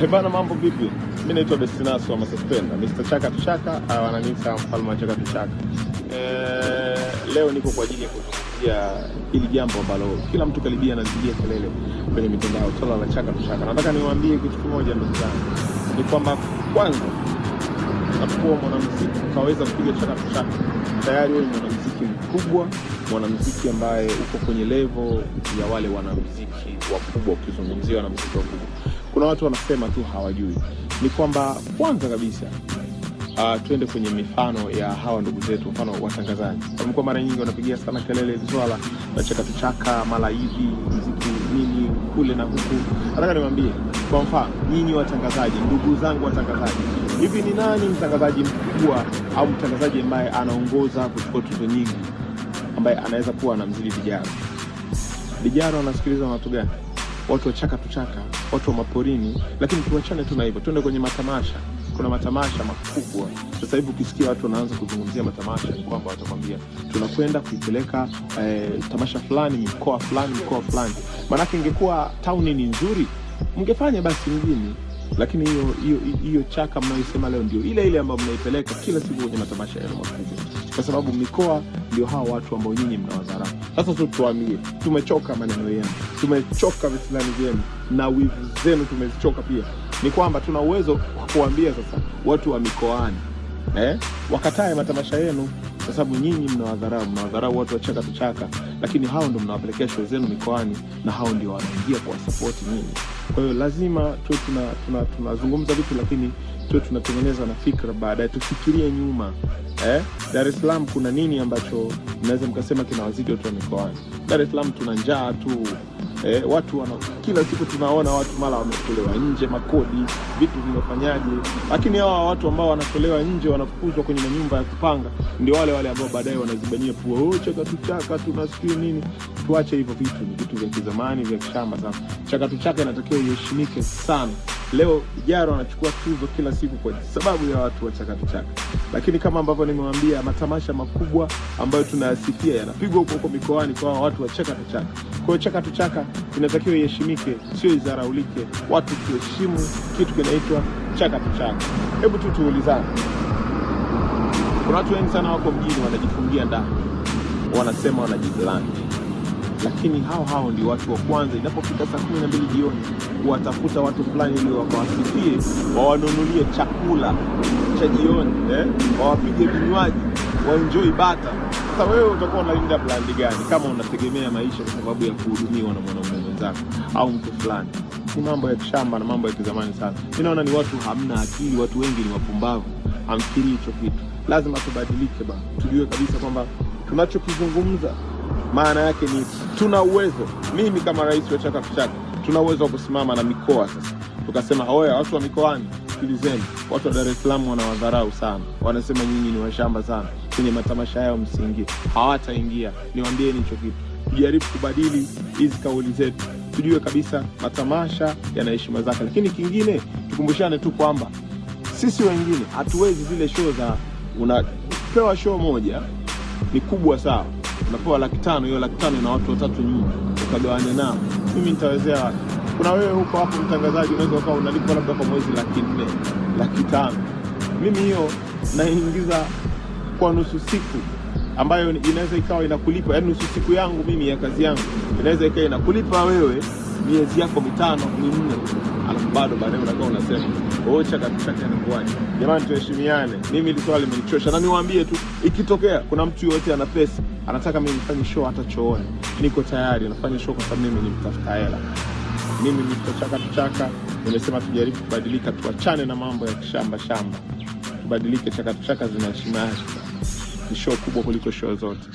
Hebana, eh, mambo vipi? Mimi naitwa Destinaso wa Suspenda, Mr. Chaka Tuchaka, wananiita mfalme wa Chaka Tuchaka. Eh, leo niko kwa ajili ya kuzungumzia hili jambo ambalo kila mtu karibia anazidia kelele kwenye mitandao, swala la Chaka Tuchaka. Nataka niwaambie kitu kimoja ndugu zangu, ni kwamba kwanza napokuwa mwanamuziki ukaweza kupiga Chaka Tuchaka, tayari wewe mwanamuziki mkubwa, mwanamuziki ambaye uko kwenye level ya wale wanamuziki wakubwa, ukizungumzia wanamuziki wakubwa kuna watu wanasema tu hawajui, ni kwamba kwanza kabisa Uh, ah, tuende kwenye mifano ya hawa ndugu zetu, mfano watangazaji. Wamekuwa mara nyingi wanapigia sana kelele swala na chakatuchaka, mara hivi mziki nini kule na huku. Nataka niwambie kwa mfano, nyinyi watangazaji, ndugu zangu watangazaji, hivi ni nani mtangazaji mkubwa au mtangazaji ambaye anaongoza kuchukua tuzo nyingi, ambaye anaweza kuwa mzili vijana vijana wanasikiliza watu gani? watu wa chaka tuchaka, watu wa maporini, lakini tuwachane tu na hivyo, tuende kwenye matamasha. Kuna matamasha makubwa sasa hivi. Ukisikia watu wanaanza kuzungumzia matamasha, ni kwamba watakwambia tunakwenda kuipeleka eh, tamasha fulani mkoa fulani mkoa fulani. Maanake ingekuwa tauni ni nzuri, mngefanya basi mjini lakini hiyo hiyo hiyo chaka mnayoisema leo ndio ile ile ambayo mnaipeleka kila siku kwenye matamasha yale makubwa kwa sababu mikoa ndio hawa watu ambao nyinyi mnawadharau. Sasa tu tuamie, tumechoka maneno yenu, tumechoka visilani vyenu na wivu zenu tumezichoka pia. Ni kwamba tuna uwezo wa kuambia sasa watu wa mikoani eh, wakatae matamasha yenu kwa sababu nyinyi mnawadharau, mnawadharau watu wa chaka tuchaka, lakini hao ndo mnawapelekea show zenu mikoani na hao ndio wanaingia kuwasapoti nyinyi. Kwa hiyo lazima tuwe tunazungumza tuna, tuna vitu lakini tuwe tunatengeneza na fikra baadaye, tufikirie nyuma eh? Dar es Salaam kuna nini ambacho mnaweza mkasema kinawazidi watu wa mikoani? Dar es Salaam tuna njaa tu eh, watu wana, kila siku tunaona watu mara wametolewa nje, makodi vitu vinafanyaje, lakini hawa watu ambao wanatolewa nje wanafukuzwa kwenye manyumba ya kupanga ndio wale wale ambao baadaye wanazibanyia pua, oh, chakatuchaka tunasikia nini. Tuache hivyo vitu, ni vitu vya kizamani vya kishamba sana. Chakatuchaka inatakiwa iheshimike sana. Leo jaro wanachukua tuzo kila siku kwa sababu ya watu wa chaka lakini kama ambavyo nimewambia matamasha makubwa ambayo tunayasikia yanapigwa huko huko mikoani kwa watu wa chaka Kwa hiyo chaka inatakiwa iheshimike, sio izaraulike Watu tuheshimu kitu kinaitwa chaka Hebu tu tuulizane, kuna watu wengi sana wako mjini wanajifungia ndani, wanasema wanajibland lakini hao hao ndio watu wa kwanza inapofika saa kumi na mbili jioni kuwatafuta watu fulani ili wakawasifie, wawanunulie chakula cha jioni eh, wawapige vinywaji, wanjoi bata. Sasa wewe utakuwa unalinda blandi gani kama unategemea maisha kwa sababu ya kuhudumiwa na mwanaume mwenzako au mtu fulani? Ni mambo ya kishamba na mambo ya kizamani sana. inaona ni watu hamna akili, watu wengi ni wapumbavu, amfikiri hicho kitu. Lazima tubadilike ba, tujue kabisa kwamba tunachokizungumza maana yake ni tuna uwezo, mimi kama rais wa Chaka kuchaka tuna uwezo wa kusimama na mikoa sasa tukasema, oya, watu wa mikoani sikilizeni, watu wa Dar es wanawadharau sana, wanasema nyinyi ni washamba sana, kwenye matamasha yao msiingie, hawataingia. niwambieni hicho kitu, tujaribu kubadili hizi kauli zetu, tujue kabisa matamasha yana heshima zake. Lakini kingine tukumbushane tu kwamba sisi wengine hatuwezi zile shoo za unapewa shoo moja ni kubwa sawa unapewa laki tano, hiyo laki tano na watu watatu nyuma, ukagawanya nao, mimi nitawezea watu Kuna wewe huko hapo mtangazaji, unaweza ukawa unalipwa labda kwa mwezi laki nne, laki tano, mimi hiyo naingiza kwa nusu siku ambayo inaweza ikawa inakulipa, yaani nusu siku yangu mimi ya kazi yangu inaweza ikawa inakulipa wewe miezi yako mitano ni nne, alafu bado baadaye unakuwa unasema ocha kakishaka inakuwaje? Jamani, tuheshimiane. Mimi ili swali limenichosha, na niwaambie tu, ikitokea kuna mtu yoyote ana pesa anataka mimi nifanye show hata chooni, niko tayari, nafanya show kwa sababu mimi ni mtafuta hela. Mimi Mr. Chaka Tuchaka nimesema tujaribu kubadilika, tuachane na mambo ya kishamba shamba, tubadilike. Chaka Tuchaka zina yake, ni show kubwa kuliko show zote.